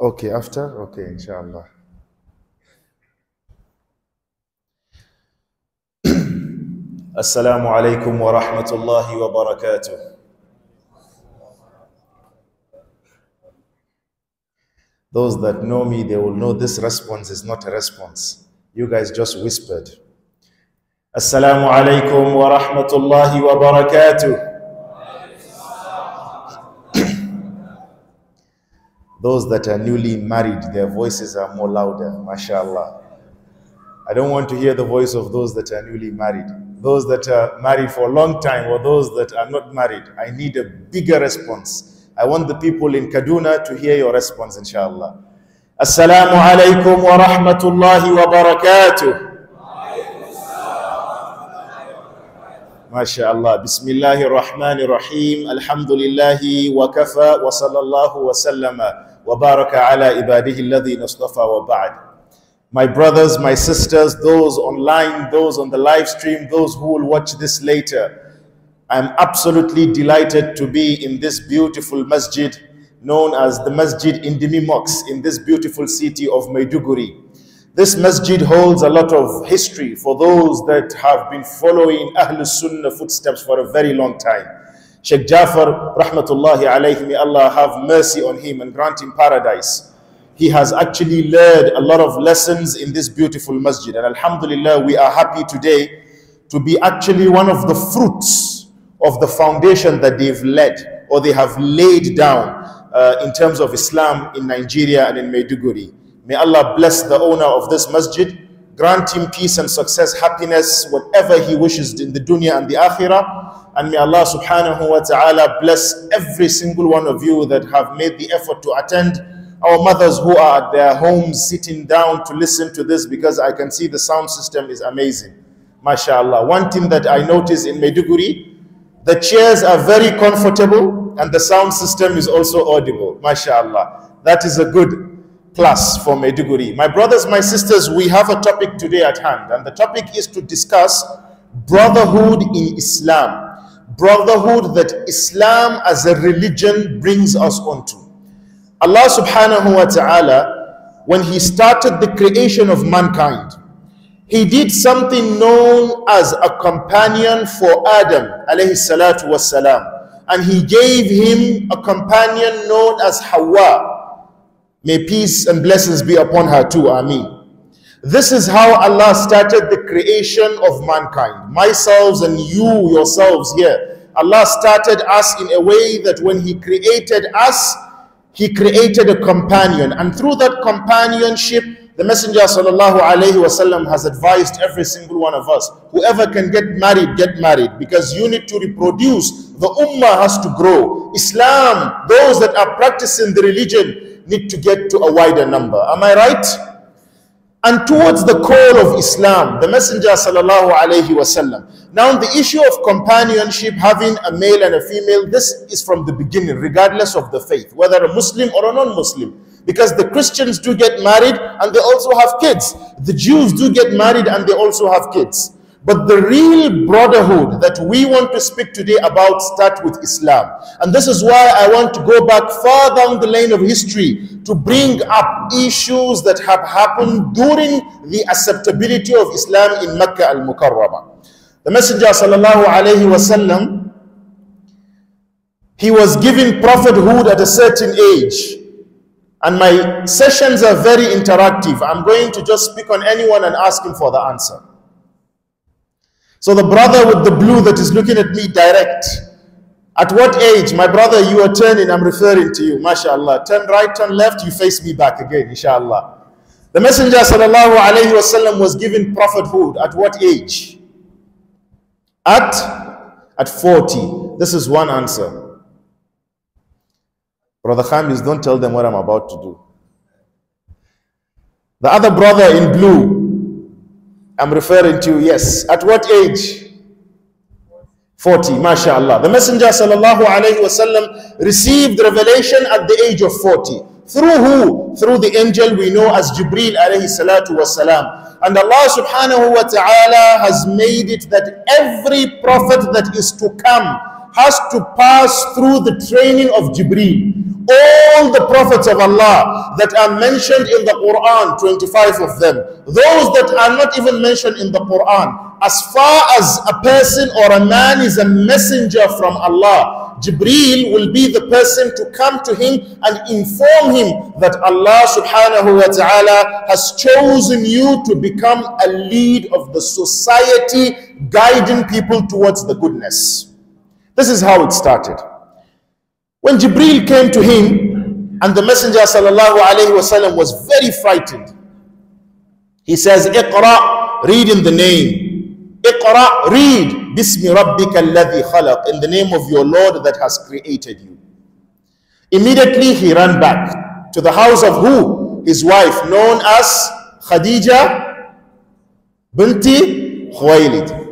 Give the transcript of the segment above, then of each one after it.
Okay, after? Okay, inshallah. Assalamu alaikum wa rahmatullahi wa barakatuh. Those that know me, they will know this response is not a response. You guys just whispered. Assalamu alaikum wa rahmatullahi wa barakatuh. Those that are newly married, their voices are more louder, mashallah. I don't want to hear the voice of those that are newly married. Those that are married for a long time or those that are not married, I need a bigger response. I want the people in Kaduna to hear your response, inshallah. Assalamu alaikum wa rahmatullahi wa barakatuh. MashaAllah. Bismillahir Rahmanir Rahim. Alhamdulillahi wa kafa wa sallallahu wa sallama. وَبَارَكَ عَلَى إِبَادِهِ الَّذِينَ اصْطَفَى وَبَعْدِ My brothers, my sisters, those online, those on the live stream, those who will watch this later, I'm absolutely delighted to be in this beautiful masjid known as the Masjid Indimi in this beautiful city of Maiduguri. This masjid holds a lot of history for those that have been following Ahlul Sunnah footsteps for a very long time. Sheikh Jafar, rahmatullahi alayhi, may Allah have mercy on him and grant him paradise. He has actually learned a lot of lessons in this beautiful masjid. And alhamdulillah, we are happy today to be actually one of the fruits of the foundation that they've led or they have laid down uh, in terms of Islam in Nigeria and in Maiduguri. May Allah bless the owner of this masjid Grant him peace and success, happiness, whatever he wishes in the dunya and the akhirah. And may Allah subhanahu wa ta'ala bless every single one of you that have made the effort to attend. Our mothers who are at their homes sitting down to listen to this because I can see the sound system is amazing. MashaAllah. One thing that I notice in Meduguri, the chairs are very comfortable and the sound system is also audible. MashaAllah. That is a good plus for Maiduguri. My brothers, my sisters, we have a topic today at hand, and the topic is to discuss brotherhood in Islam. Brotherhood that Islam as a religion brings us onto. Allah subhanahu wa ta'ala, when He started the creation of mankind, He did something known as a companion for Adam alayhi salatu wasalam. And He gave him a companion known as Hawa May peace and blessings be upon her too. Ameen. This is how Allah started the creation of mankind. Myself and you yourselves here. Allah started us in a way that when He created us, He created a companion. And through that companionship, the Messenger of Allah wasallam has advised every single one of us: whoever can get married, get married, because you need to reproduce. The ummah has to grow. Islam, those that are practicing the religion, need to get to a wider number. Am I right? And towards the call of Islam, the Messenger sallallahu alayhi wasallam. Now the issue of companionship, having a male and a female, this is from the beginning, regardless of the faith, whether a Muslim or a non-Muslim. Because the Christians do get married and they also have kids. The Jews do get married and they also have kids. But the real brotherhood that we want to speak today about start with Islam. And this is why I want to go back far down the lane of history to bring up issues that have happened during the acceptability of Islam in Mecca al-Mukarramah. The Messenger sallallahu alayhi wasallam, he was given prophethood at a certain age. And my sessions are very interactive. I'm going to just speak on anyone and ask him for the answer. So the brother with the blue that is looking at me direct. At what age? My brother, you are turning, I'm referring to you, mashallah. Turn right, turn left, you face me back again, inshallah. The Messenger sallallahu alayhi wasallam was given prophethood at what age? At, at 40. This is one answer. Brother Khamis, don't tell them what I'm about to do. The other brother in blue, I'm referring to, yes. At what age? 40, mashallah. The Messenger sallallahu alayhi wasallam received revelation at the age of 40. Through who? Through the angel we know as Jibril alayhi salatu wasalam. And Allah subhanahu wa ta'ala has made it that every prophet that is to come has to pass through the training of Jibreel. All the prophets of Allah that are mentioned in the Quran, 25 of them, those that are not even mentioned in the Quran, as far as a person or a man is a messenger from Allah, Jibreel will be the person to come to him and inform him that Allah subhanahu wa ta'ala has chosen you to become a lead of the society, guiding people towards the goodness. This is how it started. When Jibril came to him, and the Messenger وسلم, was very frightened, he says, Iqra, read in the name. Iqra, read. Bismi Rabbika alladhi khalaq. In the name of your Lord that has created you. Immediately he ran back to the house of who? His wife, known as Khadija binti Khuwailid.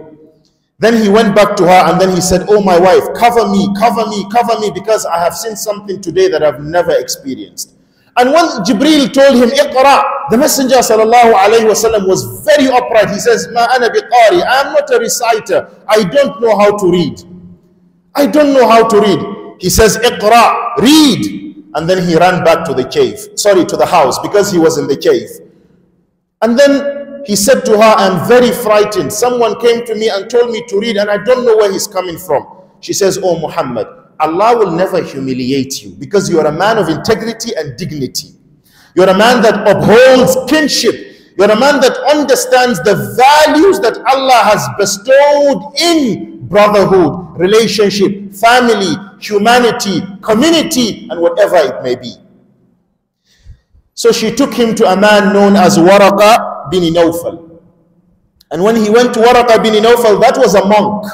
Then he went back to her and then he said, Oh, my wife, cover me, cover me, cover me, because I have seen something today that I've never experienced. And when Jibril told him, Iqra, the Messenger وسلم, was very upright. He says, Ma ana biqari, I am not a reciter. I don't know how to read. I don't know how to read. He says, Iqra, read. And then he ran back to the cave, sorry, to the house, because he was in the cave. And then he said to her, I'm very frightened. Someone came to me and told me to read and I don't know where he's coming from. She says, oh Muhammad, Allah will never humiliate you because you are a man of integrity and dignity. You're a man that upholds kinship. You're a man that understands the values that Allah has bestowed in brotherhood, relationship, family, humanity, community, and whatever it may be. So she took him to a man known as Waraka bin Nawfal. And when he went to Waraka bin Nawfal, that was a monk.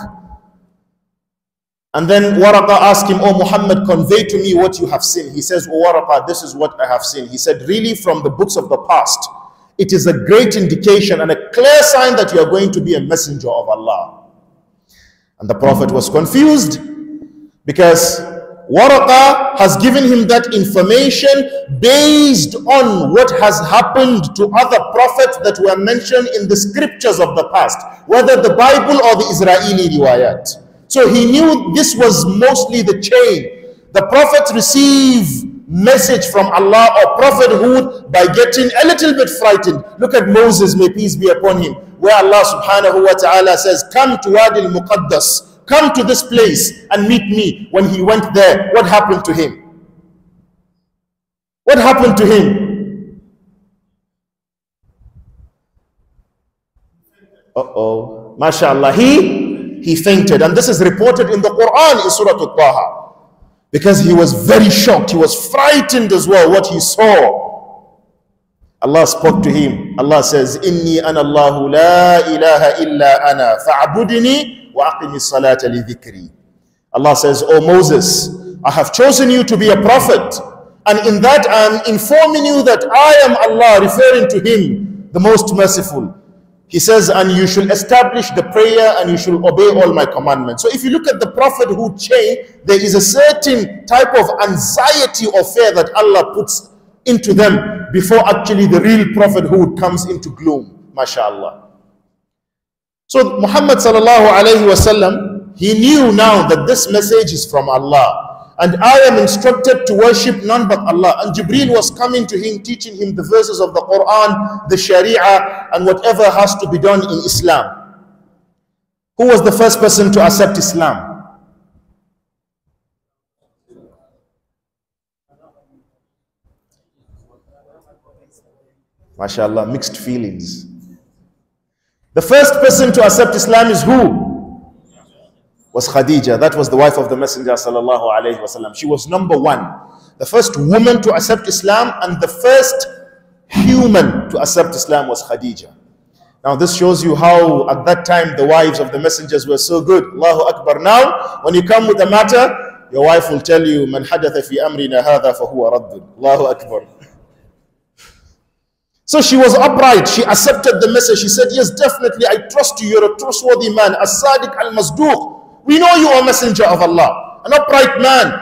And then Waraka asked him, Oh Muhammad, convey to me what you have seen. He says, Oh Waraka, this is what I have seen. He said, Really, from the books of the past, it is a great indication and a clear sign that you are going to be a messenger of Allah. And the Prophet was confused because Waraka has given him that information based on what has happened to other prophets that were mentioned in the scriptures of the past, whether the Bible or the Israeli riwayat. So he knew this was mostly the chain. The prophets receive message from Allah or prophethood by getting a little bit frightened. Look at Moses, may peace be upon him, where Allah subhanahu wa ta'ala says, Come to Wadi al-Muqaddas Come to this place and meet me. When he went there, what happened to him? What happened to him? Uh-oh. mashallah. He, he fainted. And this is reported in the Quran in Surah Al-Taha. Because he was very shocked. He was frightened as well what he saw. Allah spoke to him. Allah says, Inni an Allahu la ilaha illa ana fa'budni Allah says, O Moses, I have chosen you to be a prophet. And in that I am informing you that I am Allah, referring to Him, the most merciful. He says, and you shall establish the prayer and you shall obey all my commandments. So if you look at the prophethood chain, there is a certain type of anxiety or fear that Allah puts into them before actually the real prophethood comes into gloom, mashallah. So Muhammad sallallahu alayhi wasallam, he knew now that this message is from Allah. And I am instructed to worship none but Allah. And Jibreel was coming to him, teaching him the verses of the Quran, the Sharia, and whatever has to be done in Islam. Who was the first person to accept Islam? MashaAllah, mixed feelings. The first person to accept Islam is who? Was Khadija. That was the wife of the Messenger She was number one. The first woman to accept Islam and the first human to accept Islam was Khadija. Now this shows you how at that time the wives of the messengers were so good. Allahu Akbar. Now when you come with a matter, your wife will tell you, Man hadatha fi amrina hadha fahuwa raddun. Allahu Akbar. So she was upright. She accepted the message. She said, yes, definitely, I trust you. You're a trustworthy man. As-sadiq al-masduq. We know you are a messenger of Allah. An upright man.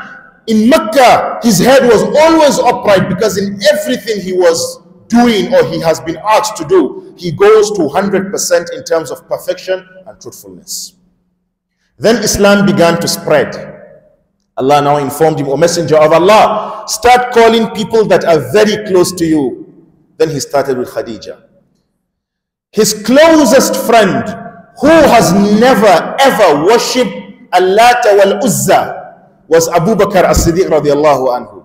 In Mecca, his head was always upright because in everything he was doing or he has been asked to do, he goes to 100% in terms of perfection and truthfulness. Then Islam began to spread. Allah now informed him, O messenger of Allah, start calling people that are very close to you then he started with Khadija. His closest friend who has never ever worshipped Allah wal Uzza was Abu Bakr as-Siddiq radiallahu anhu.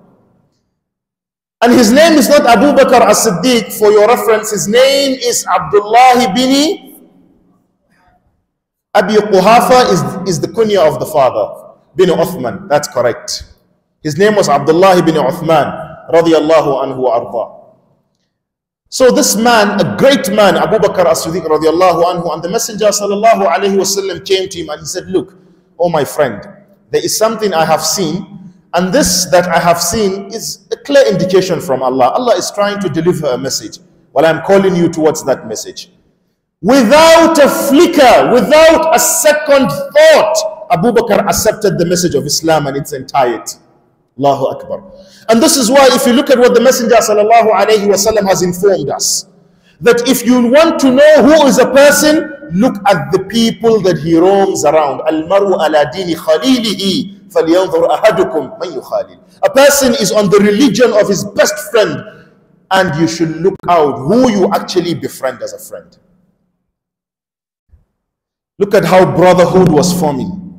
And his name is not Abu Bakr as-Siddiq for your reference. His name is Abdullah bin Abi Quhafa is, is the kunya of the father. Bin Uthman, that's correct. His name was Abdullah bin Uthman radiallahu anhu arda. So this man, a great man, Abu Bakr as-Siddiq radiallahu anhu, and the Messenger sallallahu alayhi wasallam came to him and he said, look, oh my friend, there is something I have seen, and this that I have seen is a clear indication from Allah. Allah is trying to deliver a message. Well, I'm calling you towards that message. Without a flicker, without a second thought, Abu Bakr accepted the message of Islam and its entirety. Allahu Akbar. And this is why if you look at what the Messenger sallallahu alaihi wasallam has informed us, that if you want to know who is a person, look at the people that he roams around. Al-maru ala dini khalilihi فَلْيَنْظُرْ أَحَدُكُمْ A person is on the religion of his best friend and you should look out who you actually befriend as a friend. Look at how brotherhood was forming.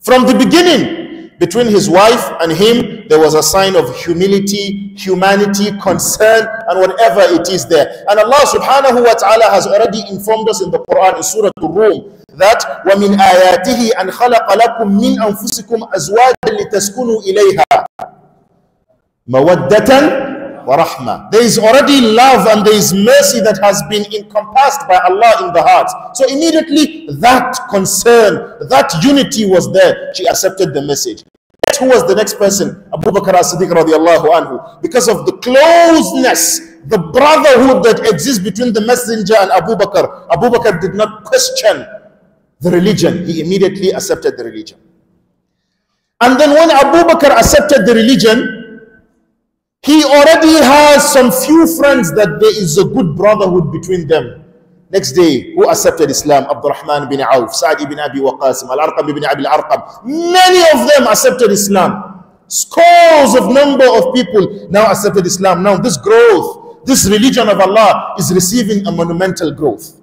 From the beginning, between his wife and him, there was a sign of humility, humanity, concern, and whatever it is there. And Allah subhanahu wa ta'ala has already informed us in the Quran, in Surah Al-Rum, that وَمِنْ آيَاتِهِ أَنْ خَلَقَ لَكُم مِّنْ أَنفُسِكُمْ أَزْوَاجًا لِتَسْكُنُوا إِلَيْهَا مَوَدَّةً warahma. There is already love and there is mercy that has been encompassed by Allah in the heart. So immediately that concern, that unity was there. She accepted the message. who was the next person? Abu Bakr as-Siddiq radiallahu anhu. Because of the closeness the brotherhood that exists between the messenger and Abu Bakr. Abu Bakr did not question the religion. He immediately accepted the religion. And then when Abu Bakr accepted the religion, he already has some few friends that there is a good brotherhood between them. Next day, who accepted Islam? Abdurrahman bin Auf, Sa'd ibn Abi Waqasim, Al-Arqam ibn Abi Al-Arqam. Many of them accepted Islam. Scores of number of people now accepted Islam. Now this growth, this religion of Allah is receiving a monumental growth.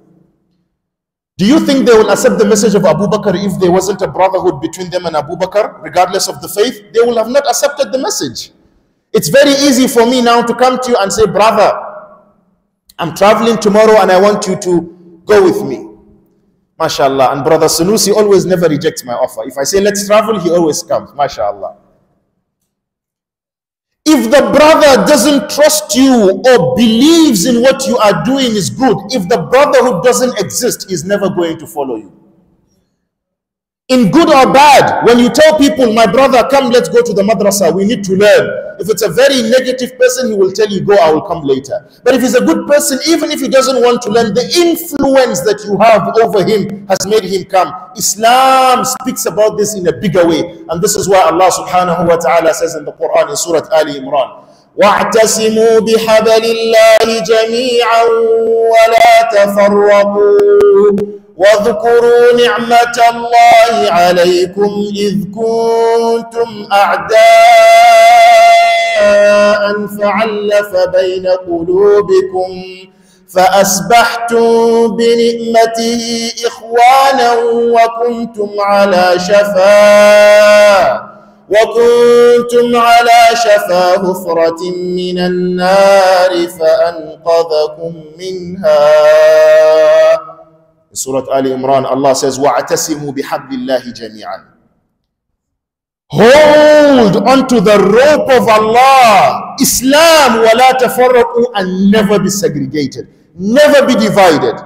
Do you think they will accept the message of Abu Bakr if there wasn't a brotherhood between them and Abu Bakr, regardless of the faith? They will have not accepted the message. It's very easy for me now to come to you and say, brother, I'm traveling tomorrow and I want you to go with me. MashaAllah. And brother Sanusi always never rejects my offer. If I say, let's travel, he always comes. MashaAllah. If the brother doesn't trust you or believes in what you are doing is good, if the brotherhood doesn't exist, he's never going to follow you in good or bad, when you tell people, my brother, come, let's go to the madrasa, we need to learn. If it's a very negative person, he will tell you, go, I will come later. But if he's a good person, even if he doesn't want to learn, the influence that you have over him has made him come. Islam speaks about this in a bigger way. And this is why Allah subhanahu wa ta'ala says in the Quran, in Surah Ali Imran, وَاعْتَسِمُوا بِحَبَلِ اللَّهِ جَمِيعًا وَلَا تَفَرَّقُوا واذكروا نعمة الله عليكم إذ كنتم أعداء فعلف بين قلوبكم فأصبحتم بنعمته إخوانا وكنتم على شفا وكنتم على شفا هفرة من النار فأنقذكم منها In Surah Ali Imran, Allah says, وَاعْتَسِمُوا بِحَبْلِ اللَّهِ جَمِيعًا Hold onto the rope of Allah, Islam, وَلَا تَفَرَّقُوا And never be segregated, never be divided.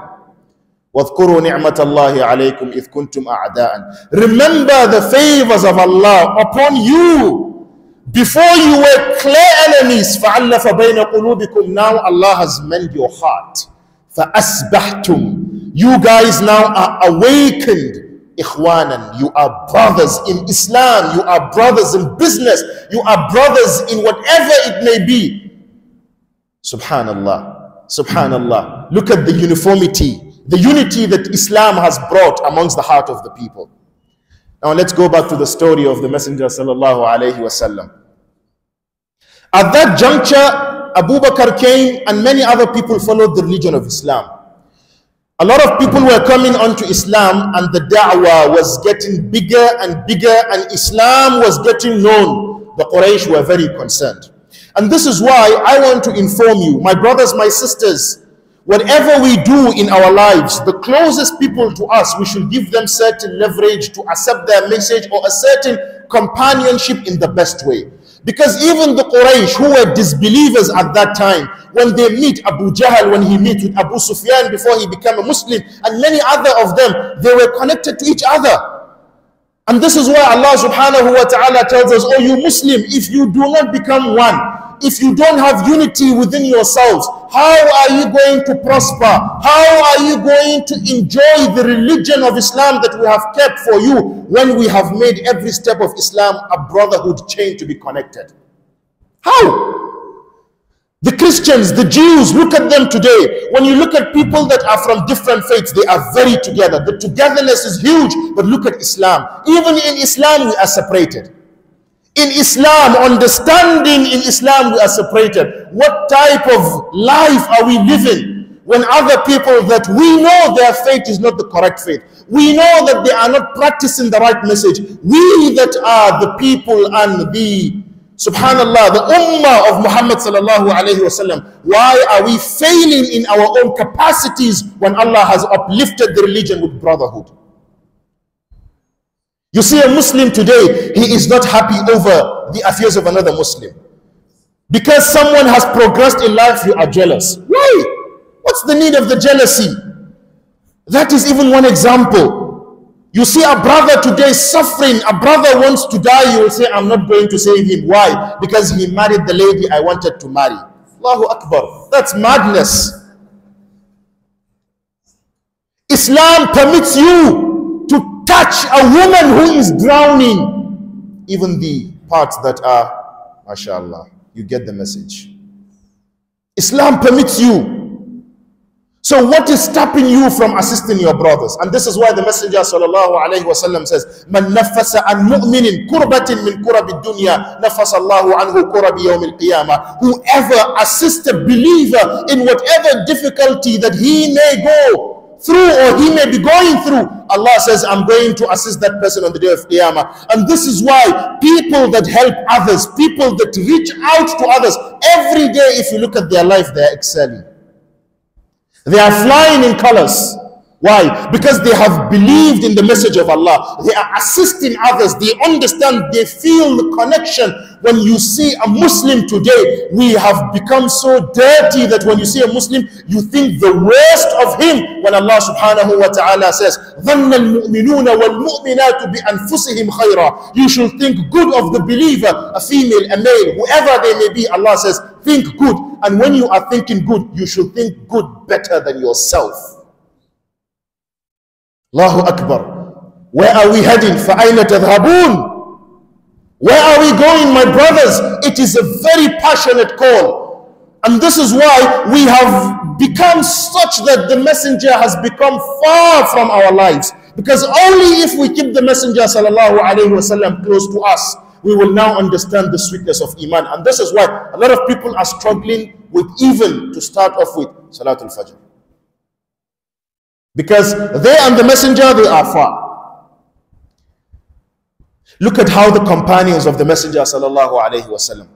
وذكروا نعمة الله عليكم إذ كنتم أعداء Remember the favors of Allah upon you before you were clear enemies فعلف بين قلوبكم now Allah has mended your heart فَأَسْبَحْتُمْ You guys now are awakened. Ikhwanan, you are brothers in Islam, you are brothers in business, you are brothers in whatever it may be. Subhanallah, subhanallah. Look at the uniformity, the unity that Islam has brought amongst the heart of the people. Now let's go back to the story of the Messenger sallallahu alayhi wasallam. At that juncture, Abu Bakr came and many other people followed the religion of Islam. A lot of people were coming onto Islam and the da'wah was getting bigger and bigger and Islam was getting known. The Quraysh were very concerned. And this is why I want to inform you, my brothers, my sisters, whatever we do in our lives, the closest people to us, we should give them certain leverage to accept their message or a certain companionship in the best way. Because even the Quraysh, who were disbelievers at that time, when they meet Abu Jahl, when he meets with Abu Sufyan before he became a Muslim, and many other of them, they were connected to each other. And this is why Allah subhanahu wa ta'ala tells us, Oh, you Muslim, if you do not become one, if you don't have unity within yourselves, how are you going to prosper? How are you going to enjoy the religion of Islam that we have kept for you when we have made every step of Islam a brotherhood chain to be connected? How? The Christians, the Jews, look at them today. When you look at people that are from different faiths, they are very together. The togetherness is huge, but look at Islam. Even in Islam, we are separated in Islam, understanding in Islam, we are separated. What type of life are we living when other people that we know their faith is not the correct faith? We know that they are not practicing the right message. We that are the people and the Subhanallah, the ummah of Muhammad sallallahu alayhi wasallam. Why are we failing in our own capacities when Allah has uplifted the religion with brotherhood? You see a Muslim today, he is not happy over the affairs of another Muslim. Because someone has progressed in life, you are jealous. Why? What's the need of the jealousy? That is even one example. You see a brother today suffering, a brother wants to die, you will say, I'm not going to save him. Why? Because he married the lady I wanted to marry. Allahu Akbar. That's madness. Islam permits you touch a woman who is drowning, even the parts that are, mashallah, you get the message. Islam permits you. So what is stopping you from assisting your brothers? And this is why the Messenger sallallahu alayhi wasallam says, "Man nafasa an mu'minin kurbatin min kurabi dunya nafasa Allahu anhu kurabi yawm al-qiyamah." Whoever assists a believer in whatever difficulty that he may go, through or he may be going through, Allah says, I'm going to assist that person on the day of Qiyamah. And this is why people that help others, people that reach out to others, every day if you look at their life, they are excelling. They are flying in colors. Why? Because they have believed in the message of Allah. They are assisting others. They understand, they feel the connection. When you see a Muslim today, we have become so dirty that when you see a Muslim, you think the worst of him. When Allah subhanahu wa ta'ala says, ظَنَّ الْمُؤْمِنُونَ وَالْمُؤْمِنَاتُ بِأَنفُسِهِمْ خَيْرًا You should think good of the believer, a female, a male, whoever they may be. Allah says, think good. And when you are thinking good, you should think good better than yourself. Allahu Akbar. Where are we heading? فَأَيْنَ تَذْهَبُونَ Where are we going, my brothers? It is a very passionate call. And this is why we have become such that the messenger has become far from our lives. Because only if we keep the messenger sallallahu alayhi wasallam close to us, we will now understand the sweetness of Iman. And this is why a lot of people are struggling with even to start off with Salatul Fajr because they and the messenger they are far look at how the companions of the messenger sallallahu alaihi wasallam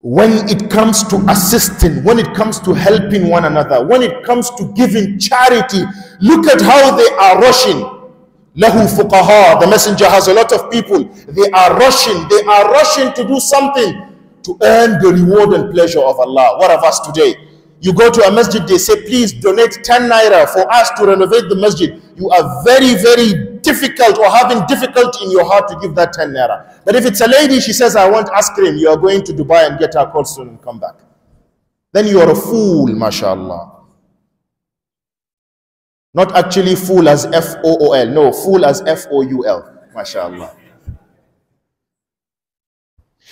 when it comes to assisting when it comes to helping one another when it comes to giving charity look at how they are rushing lahu fuqaha the messenger has a lot of people they are rushing they are rushing to do something to earn the reward and pleasure of Allah what of us today you go to a masjid, they say, please donate 10 naira for us to renovate the masjid. You are very, very difficult or having difficulty in your heart to give that 10 naira. But if it's a lady, she says, I want ice cream. You are going to Dubai and get her call soon and come back. Then you are a fool, mashallah. Not actually fool as F-O-O-L. No, fool as F-O-U-L, mashallah.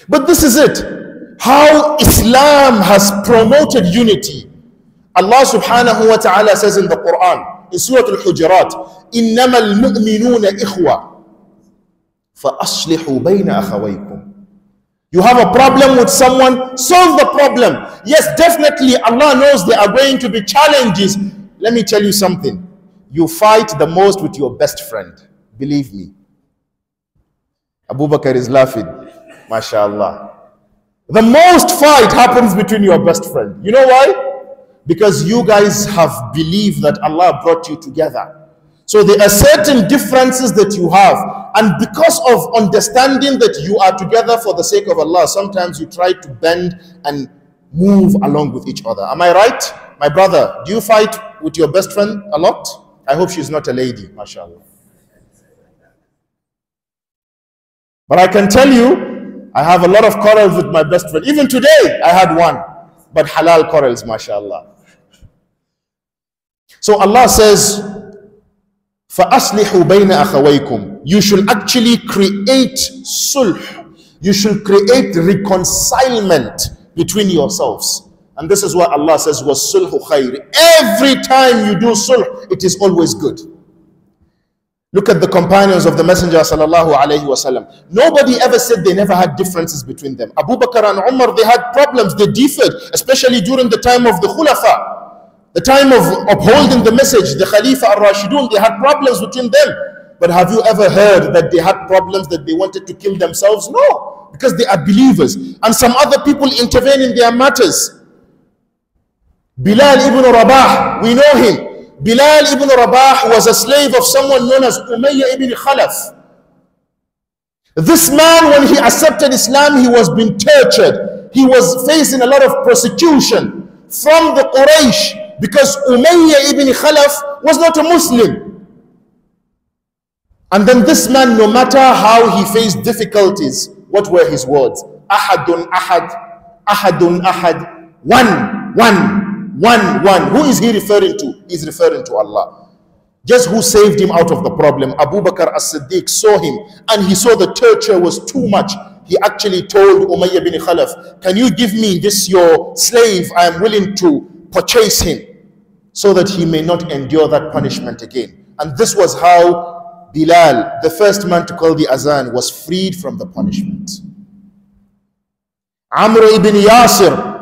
But this is it how Islam has promoted unity. Allah subhanahu wa ta'ala says in the Quran, in Surah Al-Hujurat, إِنَّمَا الْمُؤْمِنُونَ إِخْوَةً فَأَصْلِحُوا بَيْنَ أَخَوَيْكُمْ You have a problem with someone, solve the problem. Yes, definitely Allah knows there are going to be challenges. Let me tell you something. You fight the most with your best friend. Believe me. Abu Bakr is laughing. MashaAllah. The most fight happens between your best friend. You know why? Because you guys have believed that Allah brought you together. So there are certain differences that you have. And because of understanding that you are together for the sake of Allah, sometimes you try to bend and move along with each other. Am I right? My brother, do you fight with your best friend a lot? I hope she's not a lady, mashallah. But I can tell you I have a lot of quarrels with my best friend. Even today, I had one. But halal quarrels, mashallah. So Allah says, فَأَصْلِحُوا بَيْنَ أَخَوَيْكُمْ You should actually create sulh. You should create reconcilement between yourselves. And this is what Allah says, was sulh khair. Every time you do sulh, it is always good. Look at the companions of the Messenger sallallahu alayhi wasallam. Nobody ever said they never had differences between them. Abu Bakr and Umar, they had problems, they differed, especially during the time of the Khulafa, the time of upholding the message, the Khalifa al-Rashidun, they had problems between them. But have you ever heard that they had problems that they wanted to kill themselves? No, because they are believers. And some other people intervene in their matters. Bilal ibn Rabah, we know him. Bilal ibn Rabah was a slave of someone known as Umayyah ibn Khalaf. This man, when he accepted Islam, he was being tortured. He was facing a lot of persecution from the Quraysh because Umayyah ibn Khalaf was not a Muslim. And then this man, no matter how he faced difficulties, what were his words? Ahadun ahad, ahadun ahad, one, one, one, one. Who is he referring to? He's referring to Allah. Just who saved him out of the problem. Abu Bakr as-Siddiq saw him and he saw the torture was too much. He actually told Umayyah bin Khalaf, can you give me this your slave? I am willing to purchase him so that he may not endure that punishment again. And this was how Bilal, the first man to call the Azan, was freed from the punishment. Amr ibn Yasir,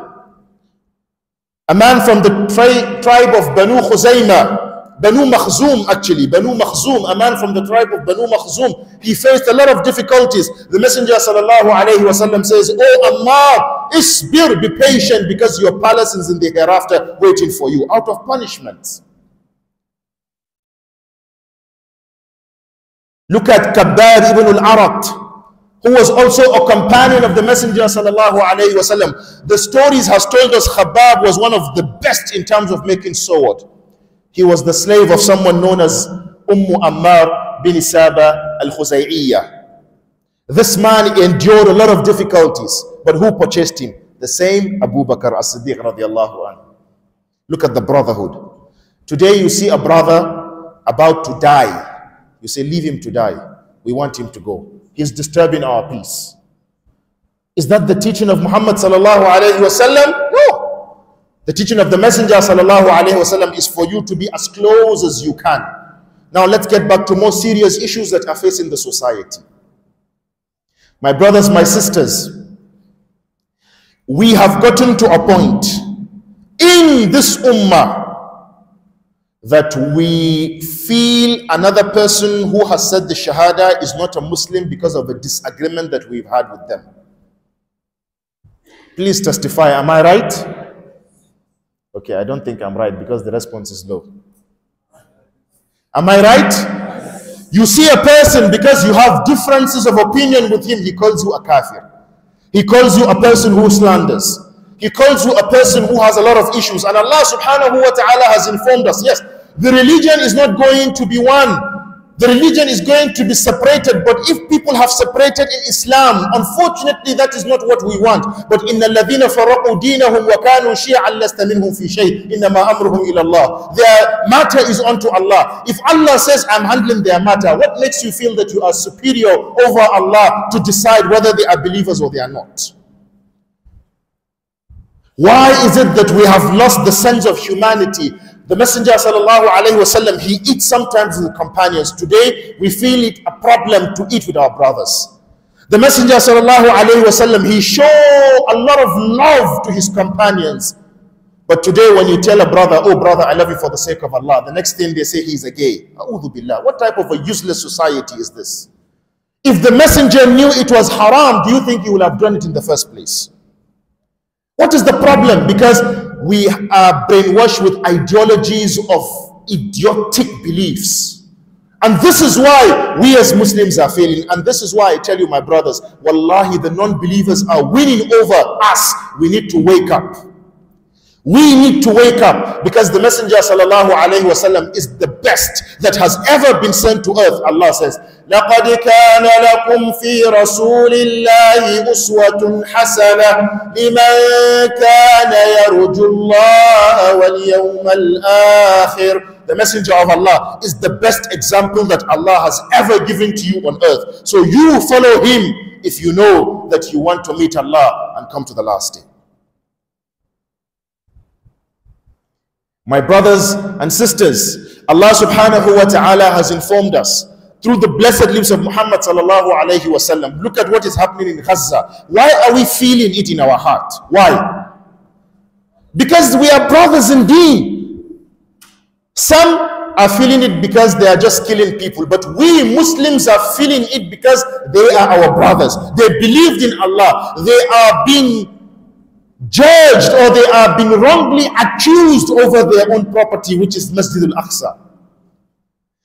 a man from the tri tribe of Banu Khuzaimah, Banu Makhzum actually, Banu Makhzum, a man from the tribe of Banu Makhzum, he faced a lot of difficulties. The Messenger sallallahu alayhi wasallam says, Oh Allah, isbir, be patient because your palace is in the hereafter waiting for you out of punishment. Look at Kabbad ibn al-Arat, who was also a companion of the Messenger sallallahu alaihi wasallam. The stories has told us Khabab was one of the best in terms of making sword. He was the slave of someone known as Ummu Ammar bin Saba al-Khuzaiyah. This man endured a lot of difficulties, but who purchased him? The same Abu Bakr as-Siddiq radiallahu anhu. Look at the brotherhood. Today you see a brother about to die. You say, leave him to die. We want him to go. He's disturbing our peace. Is that the teaching of Muhammad sallallahu alayhi wasallam? No. The teaching of the Messenger sallallahu alayhi wasallam is for you to be as close as you can. Now let's get back to more serious issues that are facing the society. My brothers, my sisters, we have gotten to a point in this ummah that we feel another person who has said the Shahada is not a Muslim because of a disagreement that we've had with them. Please testify, am I right? Okay, I don't think I'm right because the response is low. Am I right? You see a person because you have differences of opinion with him, he calls you a kafir. He calls you a person who slanders. He calls you a person who has a lot of issues. And Allah subhanahu wa ta'ala has informed us, yes, the religion is not going to be one. The religion is going to be separated. But if people have separated in Islam, unfortunately, that is not what we want. But in الَّذِينَ dinahum wa وَكَانُوا شِيَعًا لَسْتَ مِنْهُمْ فِي شَيْءٍ إِنَّمَا أَمْرُهُمْ إِلَى اللَّهِ Their matter is unto Allah. If Allah says, I'm handling their matter, what makes you feel that you are superior over Allah to decide whether they are believers or they are not? Why is it that we have lost the sense of humanity the Messenger sallallahu alaihi wasallam, he eats sometimes with companions. Today, we feel it a problem to eat with our brothers. The Messenger sallallahu alaihi wasallam, he showed a lot of love to his companions. But today, when you tell a brother, oh brother, I love you for the sake of Allah, the next thing they say he's a gay. Billah. What type of a useless society is this? If the messenger knew it was haram, do you think he would have done it in the first place? What is the problem? Because we are brainwashed with ideologies of idiotic beliefs. And this is why we as Muslims are failing. And this is why I tell you, my brothers, wallahi, the non believers are winning over us. We need to wake up. We need to wake up because the Messenger Allah is the best that has ever been sent to earth. Allah says, لَقَدْ كَانَ لَكُمْ فِي رَسُولِ اللَّهِ أُسْوَةٌ حَسَنَةٌ لِمَنْ كَانَ يَرُجُ اللَّهَ وَالْيَوْمَ الْآخِرِ The Messenger of Allah is the best example that Allah has ever given to you on earth. So you follow him if you know that you want to meet Allah and come to the last day. My brothers and sisters, Allah subhanahu wa ta'ala has informed us through the blessed lips of Muhammad sallallahu alayhi wasallam. Look at what is happening in Gaza. Why are we feeling it in our heart? Why? Because we are brothers indeed. Some are feeling it because they are just killing people. But we Muslims are feeling it because they are our brothers. They believed in Allah. They are being judged or they are being wrongly accused over their own property, which is Masjid al-Aqsa.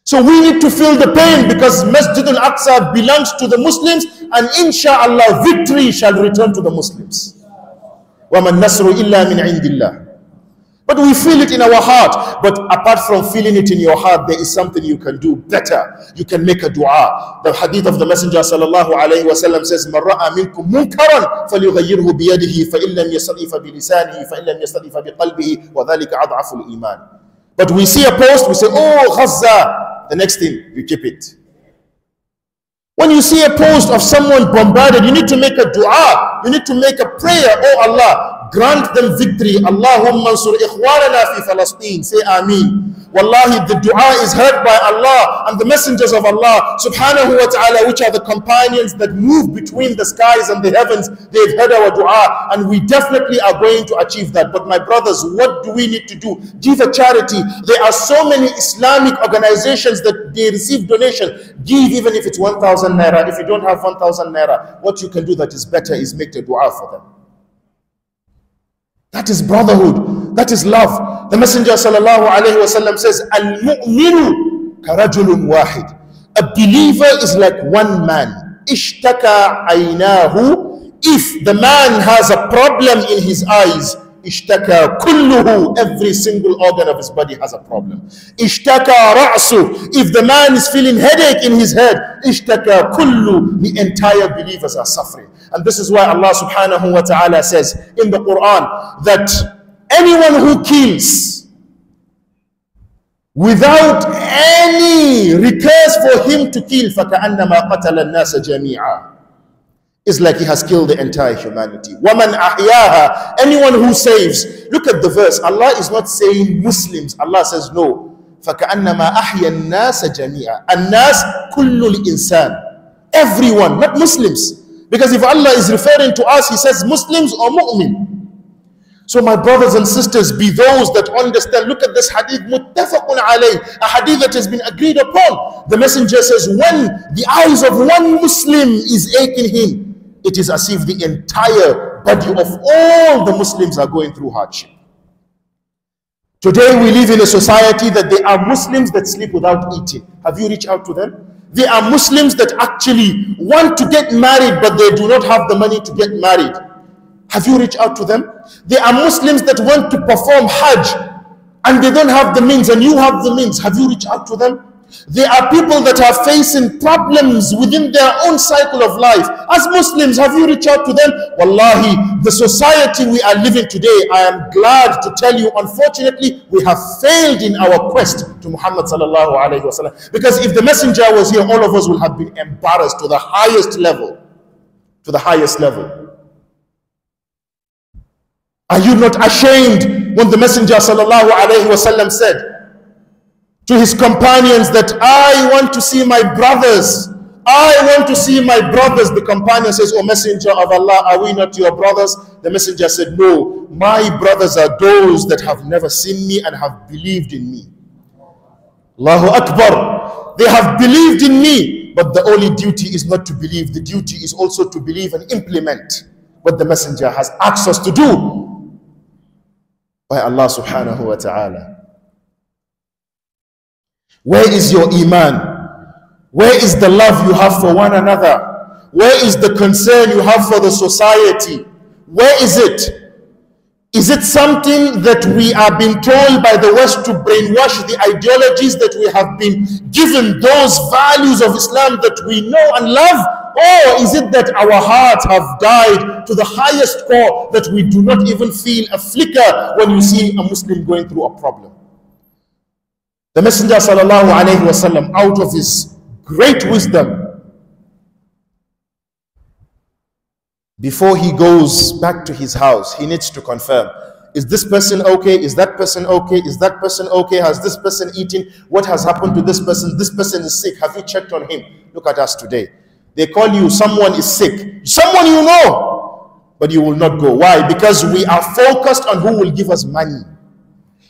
So we need to feel the pain because Masjid al-Aqsa belongs to the Muslims and inshallah victory shall return to the Muslims. وَمَا النَّصْرُ إِلَّا مِنْ عِنْدِ اللَّهِ but we feel it in our heart. But apart from feeling it in your heart, there is something you can do better. You can make a dua. The hadith of the Messenger sallallahu alayhi wa sallam says, مَنْ رَأَى مِنْكُمْ مُنْكَرًا فَلْيُغَيِّرْهُ بِيَدِهِ فَإِنْ لَمْ يَسْتَطِعْ فَبِلِسَانِهِ فَإِنْ لَمْ يَسْتَطِعْ فَبِقَلْبِهِ وَذَلِكَ أَضْعَفُ الْإِيمَانِ But we see a post, we say, oh, Gaza. The next thing, you keep it. When you see a post of someone bombarded, you need to make a dua. You need to make a prayer, oh Allah, grant them victory. Allahumma ansur ikhwanana fi Palestine. Say Ameen. Wallahi, the dua is heard by Allah and the messengers of Allah subhanahu wa ta'ala, which are the companions that move between the skies and the heavens. They've heard our dua and we definitely are going to achieve that. But my brothers, what do we need to do? Give a charity. There are so many Islamic organizations that they receive donation. Give even if it's 1,000 naira. If you don't have 1,000 naira, what you can do that is better is make the dua for them. That is brotherhood. That is love. The Messenger sallallahu says, Al-mu'minu A believer is like one man. Ishtaka aynahu. If the man has a problem in his eyes, Ishtaka kulluhu, every single organ of his body has a problem. Ishtaka ra'su, if the man is feeling headache in his head, ishtaka kullu, the entire believers are suffering. And this is why Allah subhanahu wa ta'ala says in the Quran that anyone who kills without any request for him to kill, فَكَأَنَّمَا قَتَلَ النَّاسَ جَمِيعًا it's like he has killed the entire humanity. Woman ahyaha, anyone who saves. Look at the verse. Allah is not saying Muslims. Allah says no. فَكَأَنَّمَا أَحْيَا النَّاسَ جَمِيعًا النَّاسَ كُلُّ الْإِنسَانِ Everyone, not Muslims. Because if Allah is referring to us, He says Muslims or mu'min. So my brothers and sisters, be those that understand. Look at this hadith, muttafaqun عليه. a hadith that has been agreed upon. The messenger says, when the eyes of one Muslim is aching him, it is as if the entire body of all the Muslims are going through hardship. Today we live in a society that there are Muslims that sleep without eating. Have you reached out to them? There are Muslims that actually want to get married, but they do not have the money to get married. Have you reached out to them? There are Muslims that want to perform Hajj, and they don't have the means, and you have the means. Have you reached out to them? There are people that are facing problems within their own cycle of life. As Muslims, have you reached out to them? Wallahi, the society we are living today, I am glad to tell you, unfortunately, we have failed in our quest to Muhammad sallallahu alayhi wa Because if the messenger was here, all of us would have been embarrassed to the highest level. To the highest level. Are you not ashamed when the messenger sallallahu alayhi wa said, to his companions that I want to see my brothers. I want to see my brothers. The companion says, O messenger of Allah, are we not your brothers? The messenger said, No, my brothers are those that have never seen me and have believed in me. Allahu Akbar. They have believed in me, but the only duty is not to believe. The duty is also to believe and implement what the messenger has asked us to do by Allah subhanahu wa ta'ala. Where is your iman? Where is the love you have for one another? Where is the concern you have for the society? Where is it? Is it something that we are being told by the West to brainwash the ideologies that we have been given, those values of Islam that we know and love? Or is it that our hearts have died to the highest core that we do not even feel a flicker when you see a Muslim going through a problem? The Messenger sallallahu alayhi wasallam, out of his great wisdom, before he goes back to his house, he needs to confirm, is this person okay? Is that person okay? Is that person okay? Has this person eaten? What has happened to this person? This person is sick. Have you checked on him? Look at us today. They call you, someone is sick. Someone you know. But you will not go. Why? Because we are focused on who will give us money.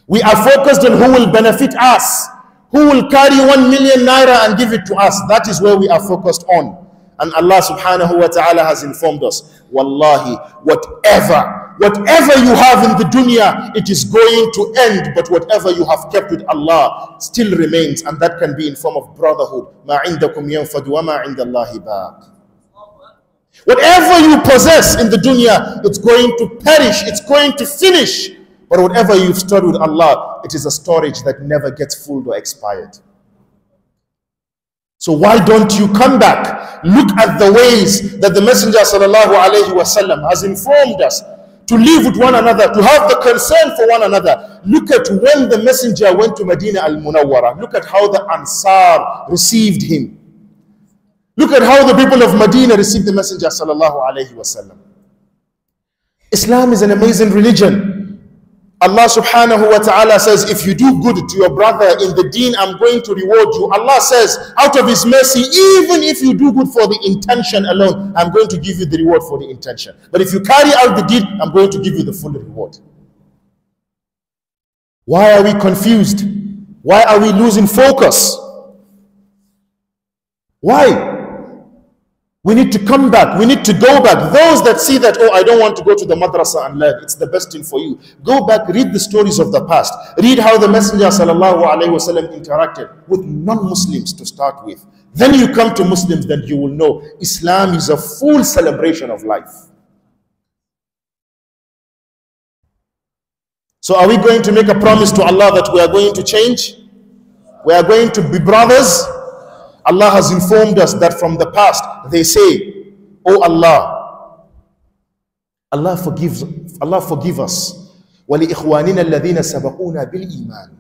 We are focused on who will benefit us, who will carry one million naira and give it to us. That is where we are focused on. And Allah subhanahu wa ta'ala has informed us, Wallahi, whatever, whatever you have in the dunya, it is going to end, but whatever you have kept with Allah still remains, and that can be in form of brotherhood. مَا عِنْدَكُمْ يَنْفَدُ وَمَا Whatever you possess in the dunya, it's going to perish, it's going to finish. But whatever you've stored with Allah, it is a storage that never gets full or expired. So why don't you come back? Look at the ways that the Messenger وسلم, has informed us to live with one another, to have the concern for one another. Look at when the Messenger went to Medina al-Munawwara. Look at how the Ansar received him. Look at how the people of Medina received the Messenger sallallahu alayhi wasallam. Islam is an amazing religion. Allah subhanahu wa ta'ala says, if you do good to your brother in the deen, I'm going to reward you. Allah says, out of his mercy, even if you do good for the intention alone, I'm going to give you the reward for the intention. But if you carry out the deed, I'm going to give you the full reward. Why are we confused? Why are we losing focus? Why? We need to come back. We need to go back. Those that see that, oh, I don't want to go to the madrasa and learn, it's the best thing for you. Go back, read the stories of the past. Read how the Messenger وسلم, interacted with non-Muslims to start with. Then you come to Muslims, then you will know Islam is a full celebration of life. So are we going to make a promise to Allah that we are going to change? We are going to be brothers? Allah has informed us that from the past they say, O oh Allah, Allah forgives, Allah forgive us. وَلِإِخْوَانِنَا الَّذِينَ بِالْإِيمَانِ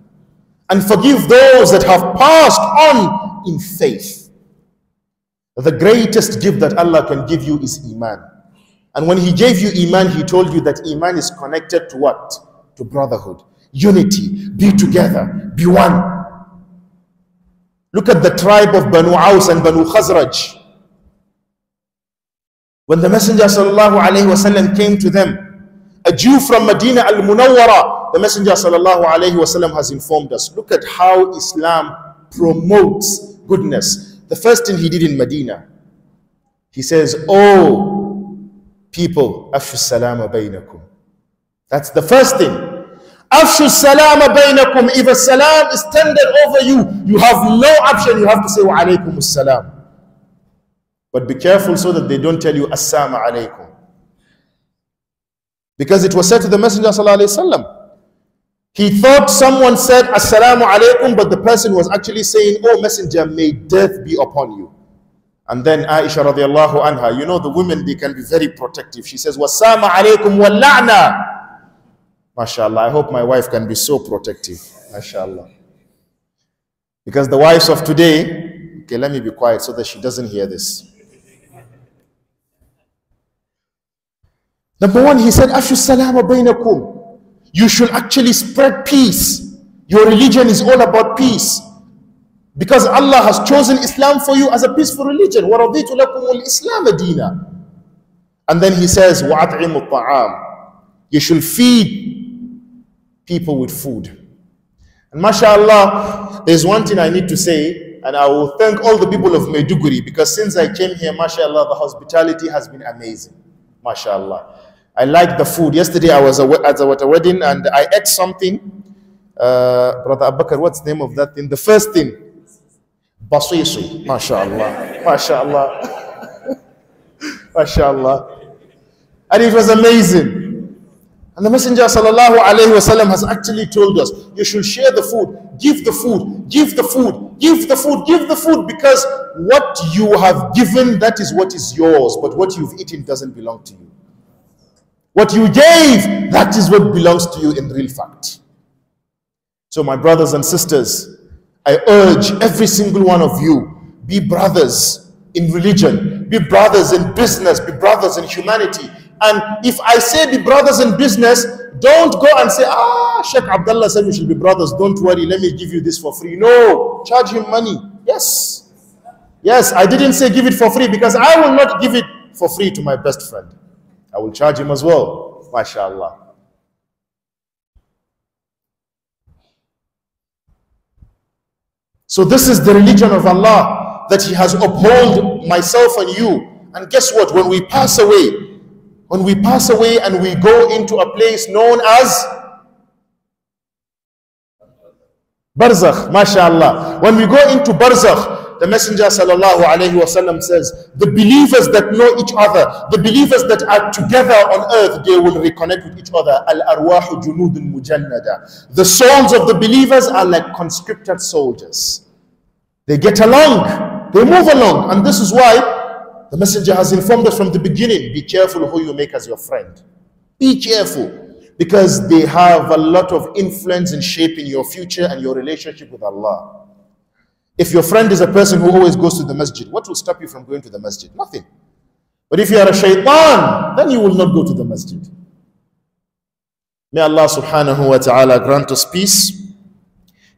And forgive those that have passed on in faith. The greatest gift that Allah can give you is Iman. And when He gave you Iman, He told you that Iman is connected to what? To brotherhood, unity, be together, be one. Look at the tribe of Banu Aus and Banu Khazraj. When the Messenger وسلم, came to them, a Jew from Medina al Munawwara, the Messenger وسلم, has informed us. Look at how Islam promotes goodness. The first thing he did in Medina, he says, Oh, people, Afshu salama bainakum. That's the first thing. Afshu salama If a salam is tendered over you, you have no option. You have to say wa alaykum salam. But be careful so that they don't tell you assalamu alaykum. Because it was said to the Messenger sallallahu he thought someone said assalamu alaykum, but the person was actually saying, oh messenger, may death be upon you. And then Aisha radiallahu anha, you know the women, they can be very protective. She says, wasama alaykum la'na." Mashallah. I hope my wife can be so protective. Mashallah. Because the wives of today, okay, let me be quiet so that she doesn't hear this. Number one, he said, You should actually spread peace. Your religion is all about peace. Because Allah has chosen Islam for you as a peaceful religion. And then he says, You should feed people with food. And mashallah, there's one thing I need to say, and I will thank all the people of Meduguri because since I came here, mashallah, the hospitality has been amazing. Mashallah. I like the food. Yesterday I was at a wedding and I ate something. Uh, Brother Abakar, what's the name of that thing? The first thing. Basisi. Mashallah. Mashallah. mashallah. And it was amazing. And the Messenger sallallahu alayhi wasallam has actually told us, you should share the food, give the food, give the food, give the food, give the food, because what you have given, that is what is yours, but what you've eaten doesn't belong to you. What you gave, that is what belongs to you in real fact. So my brothers and sisters, I urge every single one of you, be brothers in religion, be brothers in business, be brothers in humanity, and if I say be brothers in business, don't go and say, ah, Sheikh Abdullah said we should be brothers. Don't worry, let me give you this for free. No, charge him money. Yes. Yes, I didn't say give it for free because I will not give it for free to my best friend. I will charge him as well. MashaAllah. So this is the religion of Allah that he has upheld myself and you. And guess what? When we pass away, when we pass away and we go into a place known as Barzakh, mashallah. When we go into Barzakh, the Messenger sallallahu wasallam says, the believers that know each other, the believers that are together on earth, they will reconnect with each other. Al-arwahu junudun mujannada. The souls of the believers are like conscripted soldiers. They get along, they move along, and this is why the messenger has informed us from the beginning, be careful who you make as your friend. Be careful because they have a lot of influence in shaping your future and your relationship with Allah. If your friend is a person who always goes to the masjid, what will stop you from going to the masjid? Nothing. But if you are a shaitan, then you will not go to the masjid. May Allah subhanahu wa ta'ala grant us peace.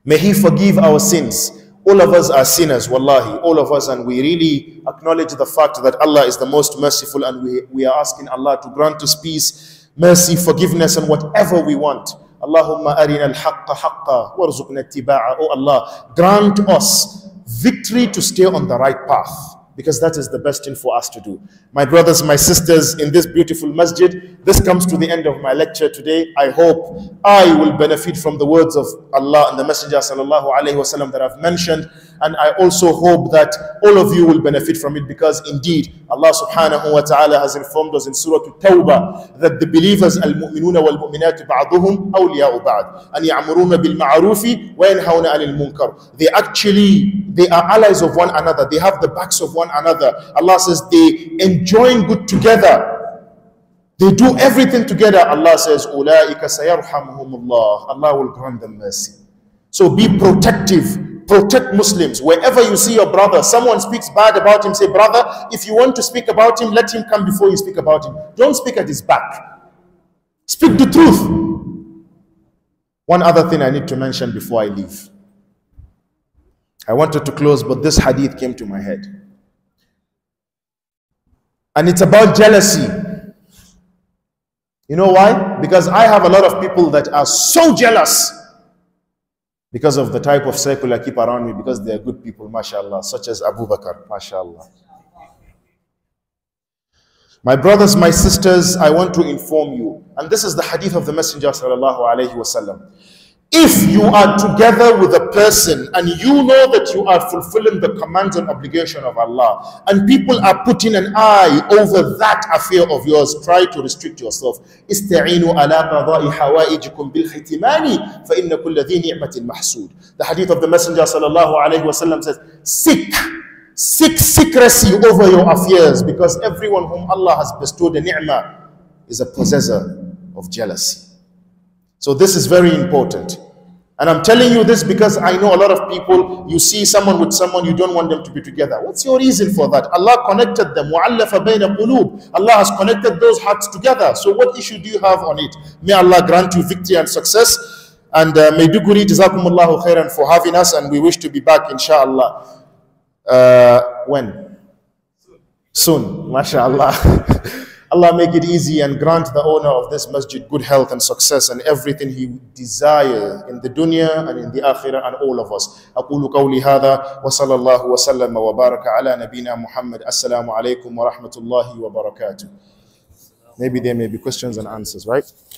May He forgive our sins. All of us are sinners, wallahi, all of us, and we really acknowledge the fact that Allah is the most merciful, and we, we are asking Allah to grant us peace, mercy, forgiveness, and whatever we want. Allahumma arina al-haqqa haqqa warzuqna tibaa. Oh Allah, grant us victory to stay on the right path because that is the best thing for us to do. My brothers, my sisters in this beautiful masjid, this comes to the end of my lecture today. I hope I will benefit from the words of Allah and the Messenger sallallahu alaihi wasallam that I've mentioned. And I also hope that all of you will benefit from it because indeed Allah subhanahu wa ta'ala has informed us in Surah Tawbah that the believers al-mu'minun wal-mu'minat بَعْضٍ أَن يَعْمُرُونَ بِالْمَعْرُوفِ and ya'muruna الْمُنْكَرِ. They actually they are allies of one another. They have the backs of one another. Allah says they enjoy good together they do everything together. Allah says, Allah will grant them mercy. So be protective protect Muslims. Wherever you see your brother, someone speaks bad about him, say, brother, if you want to speak about him, let him come before you speak about him. Don't speak at his back. Speak the truth. One other thing I need to mention before I leave. I wanted to close, but this hadith came to my head. And it's about jealousy. You know why? Because I have a lot of people that are so jealous because of the type of circle I keep around me, because they are good people, mashallah, such as Abu Bakr, mashallah. My brothers, my sisters, I want to inform you, and this is the hadith of the Messenger sallallahu alayhi wasallam. If you are together with a person and you know that you are fulfilling the commands and obligation of Allah, and people are putting an eye over that affair of yours, try to restrict yourself. استعينوا على قضاء حوائجكم بالختمان فإن كل ذي نعمة محسود. The hadith of the Messenger sallallahu wasallam says, seek, seek secrecy over your affairs because everyone whom Allah has bestowed a ni'mah is a possessor of jealousy. So this is very important. And I'm telling you this because I know a lot of people, you see someone with someone, you don't want them to be together. What's your reason for that? Allah connected them. Allah has connected those hearts together. So what issue do you have on it? May Allah grant you victory and success. And uh, Duguri jazakumullahu khairan for having us. And we wish to be back, inshallah. Uh, when? Soon, mashallah. Allah make it easy and grant the owner of this masjid good health and success and everything he desires in the dunya and in the akhirah and all of us. أقول قولي هذا وصلى الله وسلم وبارك على نبينا محمد السلام عليكم ورحمة الله وبركاته. Maybe there may be questions and answers, right?